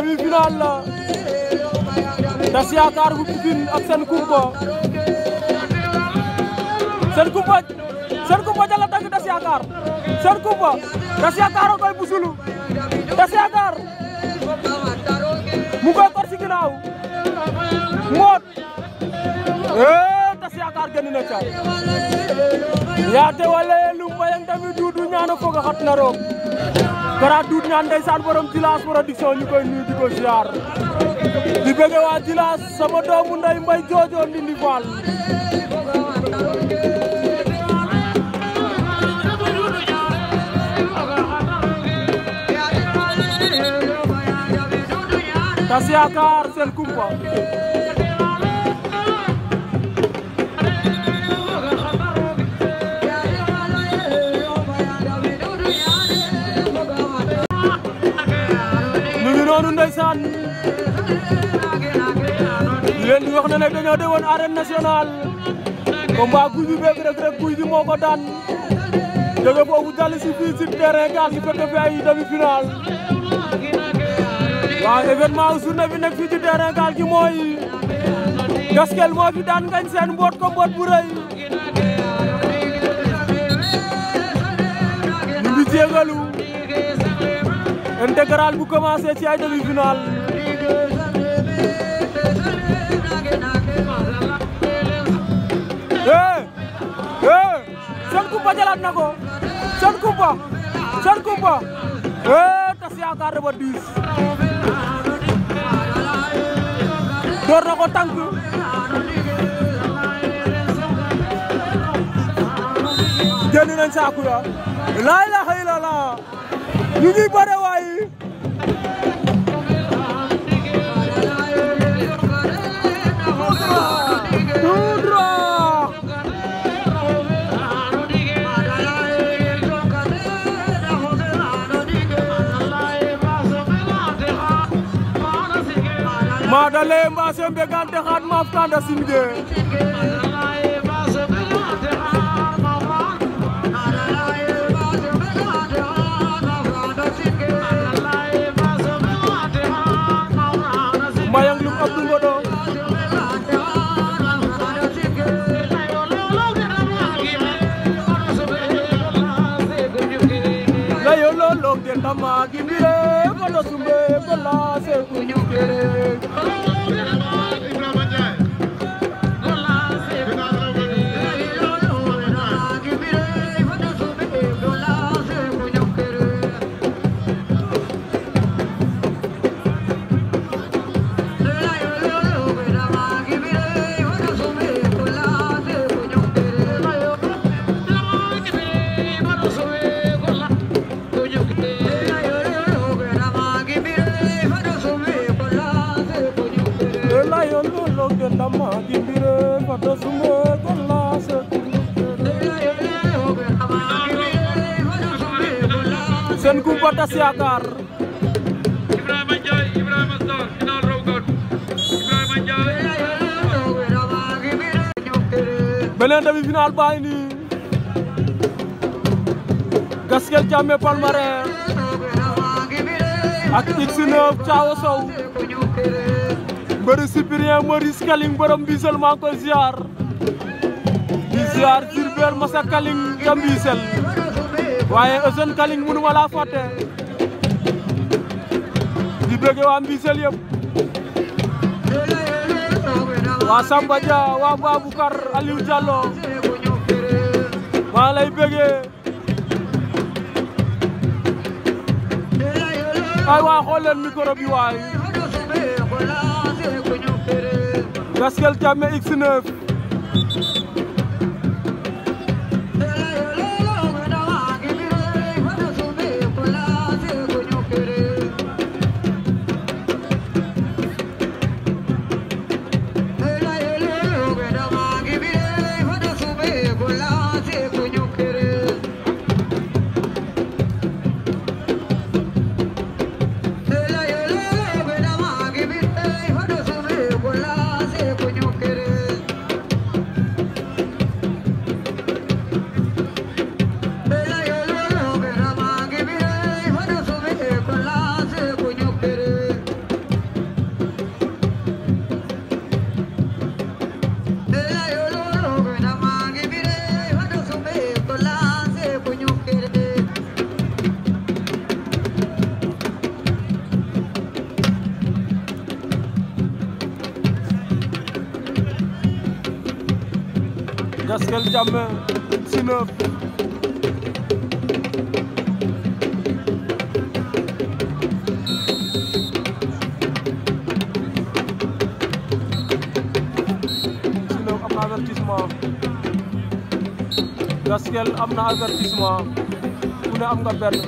demi-finale a mu koy kor si ginnaaw moot ee eh, Tass Yakar génn na ca yaate wala lu mbayang tamit duudu ñaano foga xat na roog Kara Doudou Niane ndeysaan borom Djilass production ñu koy nuyu di ziar di bëgg waa Djilass sama doomu ndey Mbay jojo Ndindi Fall tas yaakaar kumpa noonu ndeysaan leen di wax ne nag dañoo dewoon arène nationale combat guy bi beeg rek rek guy bi moo ko daan jóge foofu dal si fii si terrain gaal gi fekk fi ay demi final waaw événement journée nekk fii ci terrain mooy gaskel moo fi daan ngañ seen mboot bu rëy ñu ngi jégalu intégral bu commencé ci ay demi-finale eh eh Sen Coumpa jëlaat na ko Sen Coumpa Sen Coumpa eh, diis door na ko tànk génn nañ saaku la laa ilaaha illallaah ñu ngi bare ta leyemba sembe gan texaat maaf ka nda sin ke mayang lum abdou ngodo layo lolok de tama gimire bodo sumbe bola se kunyukere tas yaakaar Ibrahima Palmarin ak X9 Thiaw Sow mbëri Cyprien Maurice Kaling borom Mbissel maa ngi koy ziar di ziar Fulbert Kaling ca Mbissel waaye Eugène Kaling mënu ma laa fàtte bëgg waa Mbisel waa Samba Dia waa Baboucar Aliou lay bëggee ay waa xool leen micro bi waay Gaskel Jammeh X9 Thiamé si neuf si neuf am na avertissement Gaskel am na avertissement ku ne am nga benn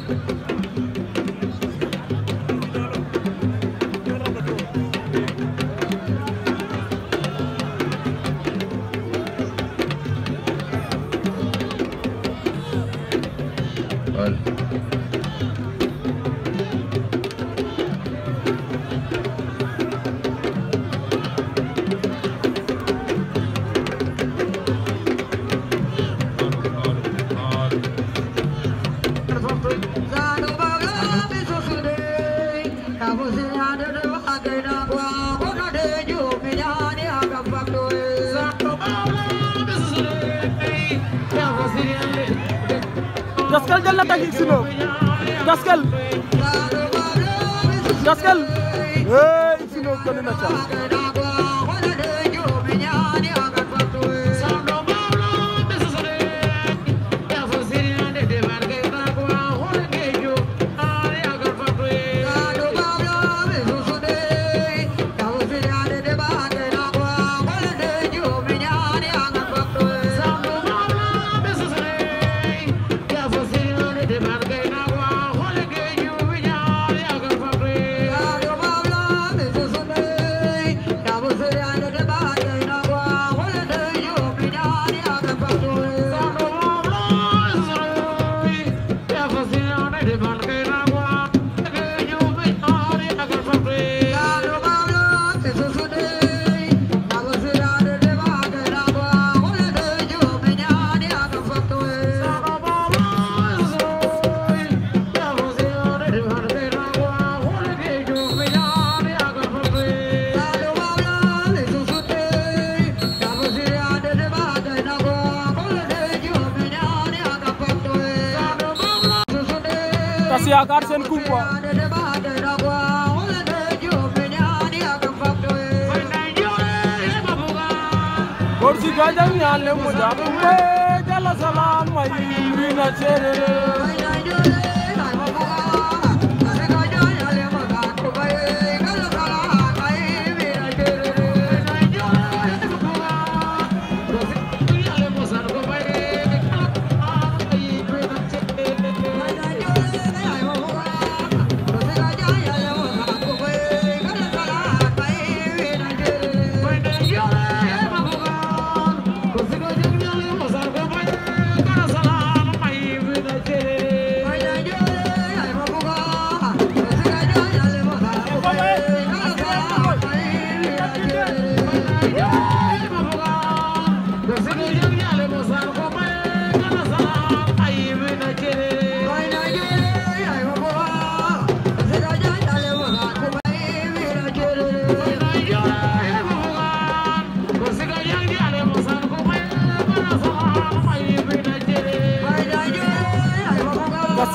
Gaskel jël na tànk yi si noonu Gaskel Gaskel. hee si noonu jënd na ca. seen coup quoi. Gorsi gajan nyalen mu da kuma jala salan mai wina chere.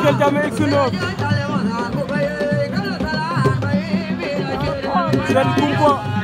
Fadel Jammeh X9 Sen Kumpa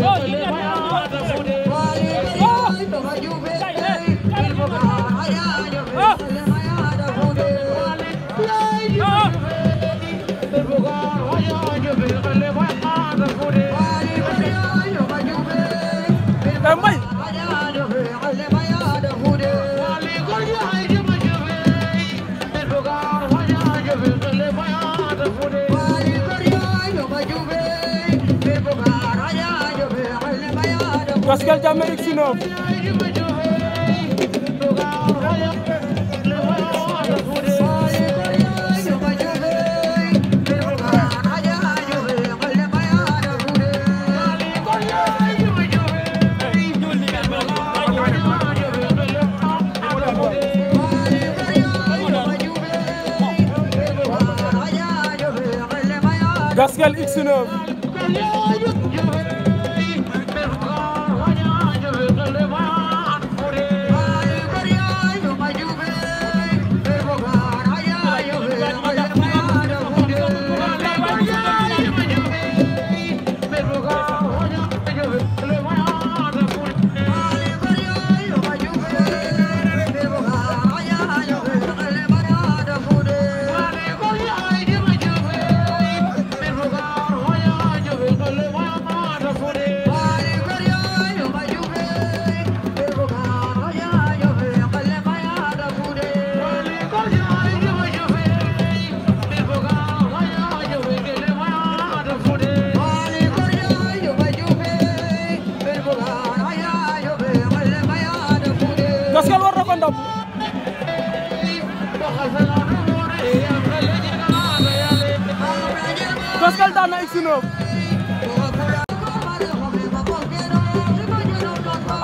不 Pascal Jammeh egsi na Pascal X9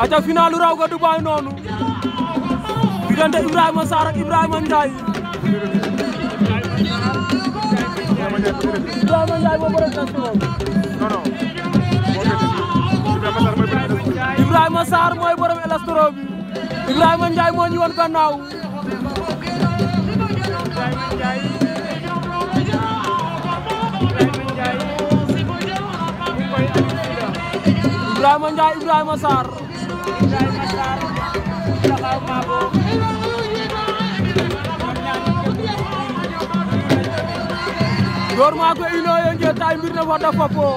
aca finalu raw gaddu noonu diggante Ibrahima Sarr ak Ibrahima Ndiaye Ibrahima Ndiaye moo bëre Gaston Ibrahima Sarr mooy borom elastro bi Ibrahima Ndiaye moo ñu woon gannaaw Ibrahima Ndiaye Ibrahima gormaako inoyo nje taimirne wadda fapo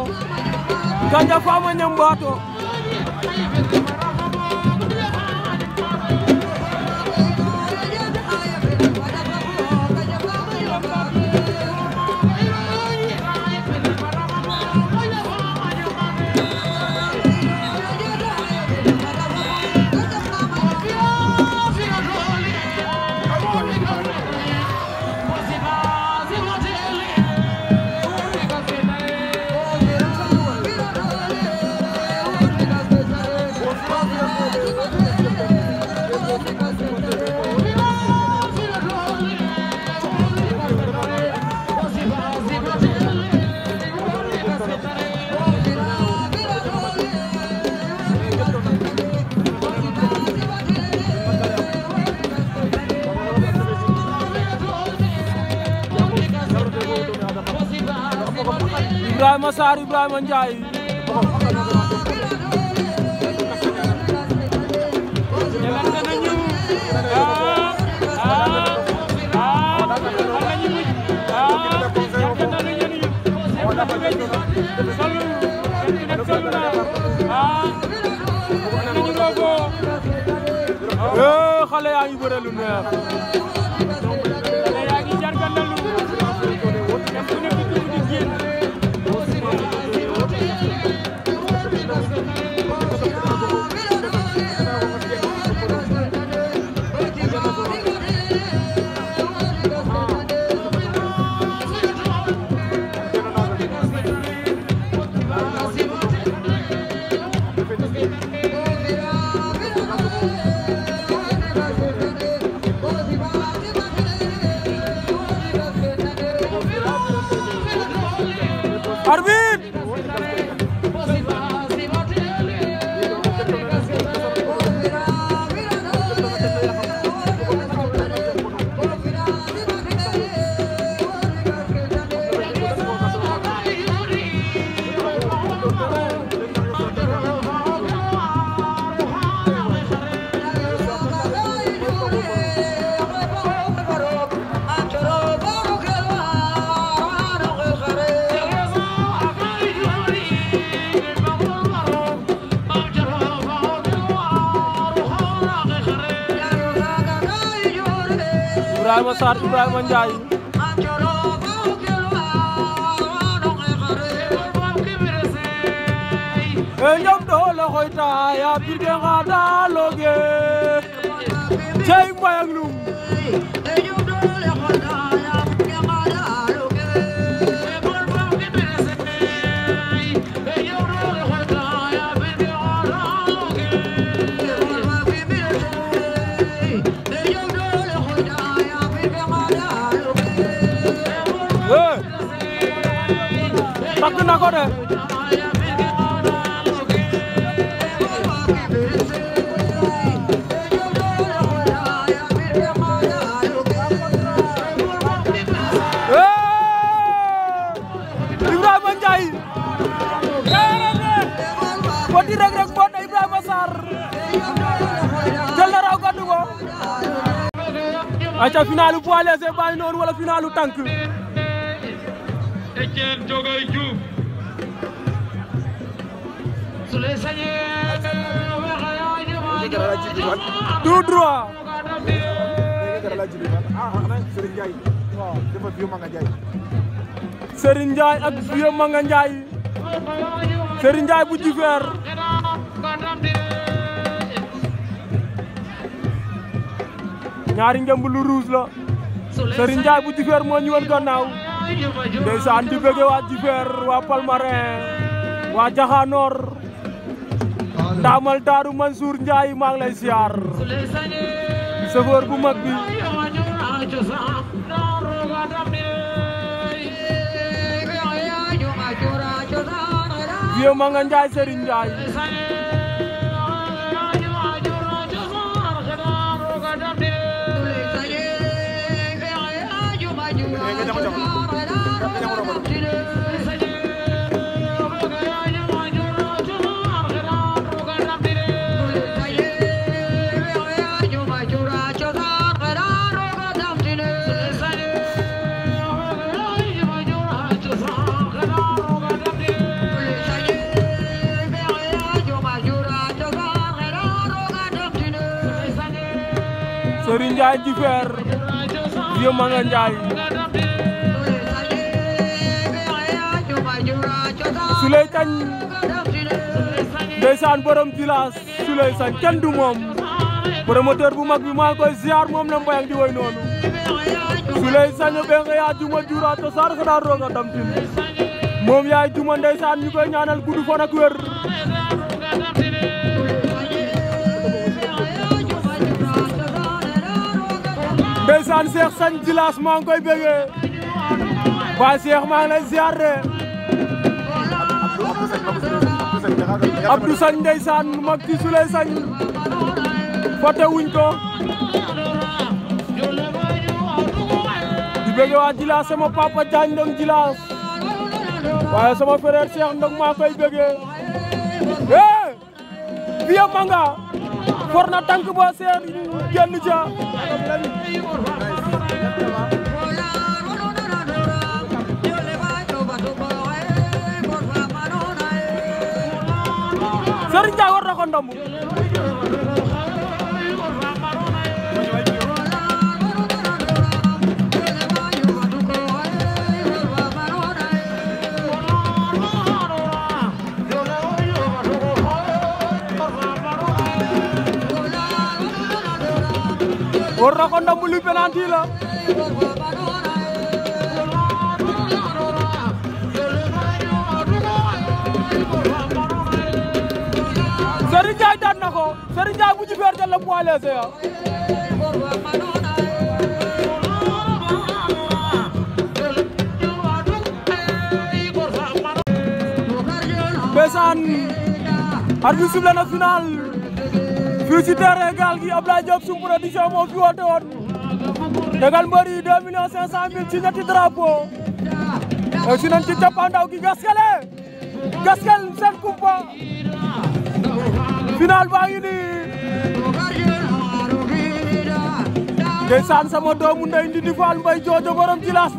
kanja famo nyem ɓaato Ibrahima Sarr Ibrahima Ndiaye xale yaa ngi bëre lu neex xale yaa ngi jargal lu def ku nekk dugg di génn Ibrahima Sarr Ibrahima Ndiaye e eh, njom ɗo loxoyta ya birge nga da loge cey takk na ko de Ibrahima Ndiaye boti Reug Reug bot na Ibrahima Sarr jël na raw gàddu ko aca finalu poids léger baa ngi noonu wala finalu tànk Etienne Diogoy tout droit Serigne ak bu Jifeer ñaari ngemb lu rouge la serinjay bu mo ñu won gannaaw ndeysaan di bëgge waa Jifeer waa Palmarin waa Jaxaanoor ndaamal taaru Mansour Ndiaye maa ngi lay siyaar bu mag bi vieux ma nga Ndiaye Serigne Ndiaye Ndiaye di fer vieux Manga Ndiaye Souley Sagne ndeysaan borom village Souley Sagne kenn du moom promoteur bu mag bi maa ngi koy ziar moom la mbayang di woy noonu Souley Sagne be yaa juma jura to sar sa daar roga dam moom yaay juma ndeysaan ñu koy ñaanal gudd fan ak ndeysaan Cheikh Sagne Djilass maa ngi koy bëggee Baye Cheikh maa ngi lay ziar de Abdou Sagne wuñ ko di sama papa Diagne Ndong Djilass sama frère Cheikh Ndong maa koy bëggee eh Vieux Manga for na tànk ba seen génn ca Serigne Ndiaye war na ko ndomb na ko ndomb li penalty la Serigne na ko Serigne Ndiaye bu jubéer jël la poids léger ya Besaan arbitre sifflé na final fii ci terrain Abdoulaye Diop suñu fi woote woon tegal mbër yi deux millions cinq ci ñetti drapeau si nañ ci cappaandaw gi gaskel seen kumpa final baa ngi nii sama doomu ndey Ndindi Mbay joojo borom ci laas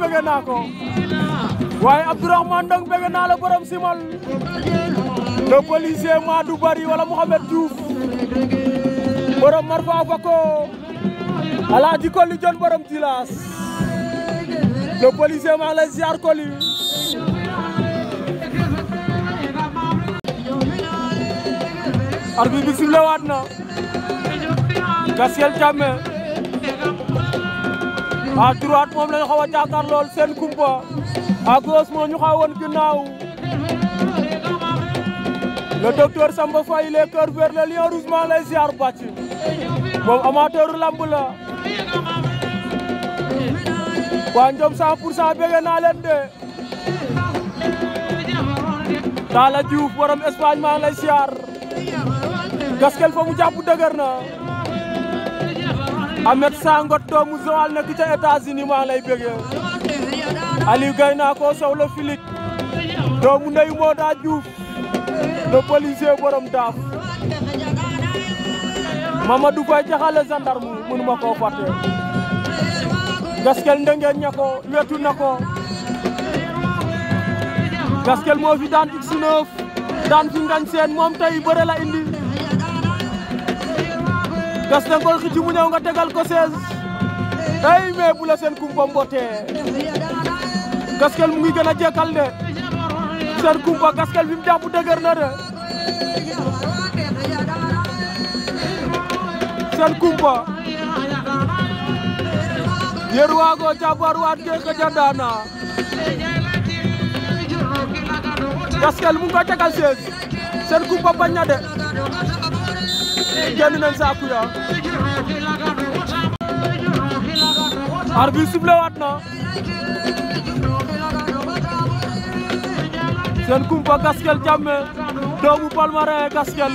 waaye Abdourahmane Ndong bëgg naa la borom simal le policier Bari wala Mohamed Diouf borom Marfa Fako Alaaji Coly Dione borom Djilass le policier maa lay ziar Coly arbitre bi sifflé waat na Gassiel Thiamé à droite moom lañ xaw a lool seen kumpa à gauche moo ñu xawoon ginnaaw le docteur Samba Faye les cœurs vers le lion rouge maa lay boobu amateur lamb la waa Ndiob 100 naa leen de Talla Diouf borom Espagne maa lay siyaar gaskel fa mu jàpp dëgër na Ahmed Sangot doomu Joal nekk ca états maa lay bëggee Aliou naa ko sow Filik doomu ndeyu daa Diouf le policier borom daaf Mamadou Faye jaxale gendarme mënuma koo fàtte gaskel ndengeen ña ko wetu gaskel moo daan x daan fi ngañ moom tey bëre la indi gas na mu ñëw nga tegal ko sees ay mais bu seen kumpa mbotee gaskel mu ngi gën a jekkal de seen kumpa gaskel fi mu jàpp dëgër na de sen kumpa yerwago jabarwat ke kejadana gaskel mu ko tegal sen seen kumpa bañ na de génn nañ sakuya arbi suble waat na seen kumpa jamme jàmme doomu palmarin gaskel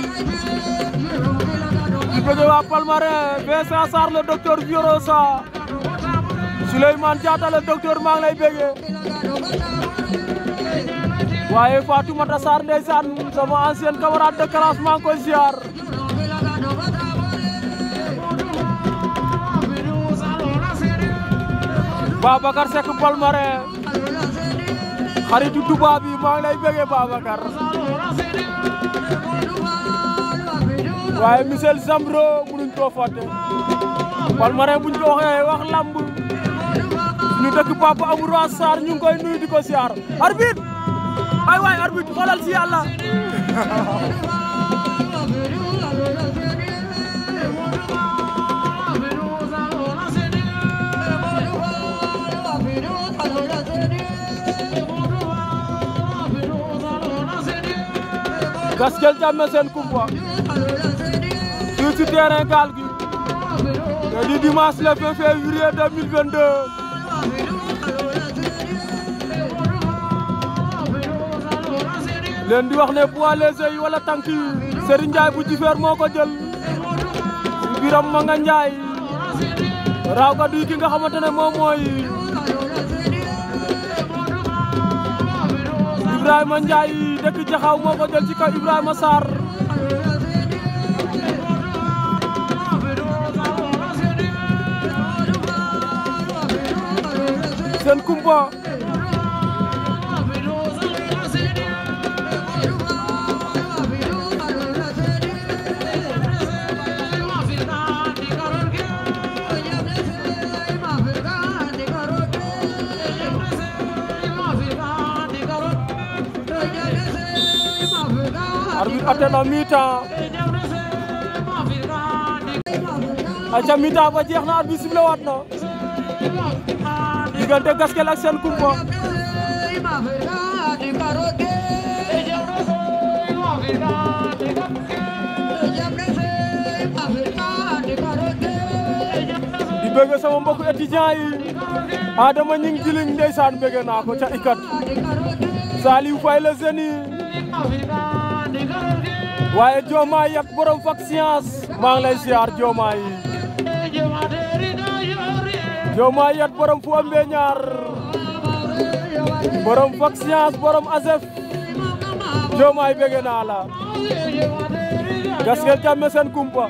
bëggee waa Palmarin Vincent Sarr le docteur Viorosa Souleymane Diatta le docteur maa ngi lay bëggee waaye Fatoumata Sarr ndeysaan sama ancienne camarade de classe maa ngi koy ziar Babacar Palmarin xaritu tubaab bi maa ngi lay bëggee Babacar waaye Michel Zambro mënuñ koo fàtte palmarin buñ ko waxee wax lamb ñu dëkk Papa Abou Roi ñu ngi koy di ko siyaar arbitre ay waay arbitre xoolal si yàlla Gaskel jàmm seen kumpa fii ci terrain Gaal Gui di dimanche le 20 février leen di wax ne poids léger yi wala tànk yi Serigne bu jifeer moo ko jël ci biram ma nga Ndiaye raaw ga duy ki nga xamante ne moom Ibrahima Ndiaye dëkk Jaxaw moo ko jël ci kaw Ibrahima Sarr de la mi-temps aca mi-temps jeex na at bi sible waat na diggante Gaskel ak Sen Coumpa di bëgg sama mbokku étudiant yi Adama ñi ngi jiliñ ndeysaan bëgg naa ko ca ikat Saliou Faye la waaye Diomaye yak borom fak science maa lay siyaar Diomaye Diomaye yak borom fu ambe ñaar borom fak science borom asef Diomaye bëgg naa la gaskel jàmme seen kumpa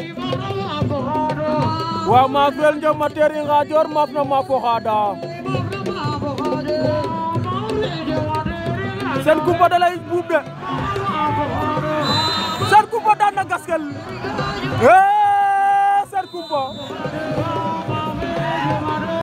wa ma fel njom mater i nga jor maaf na ma fo xaada seen da lay buub de Kumba daan na Gaskel eh Ser Kumba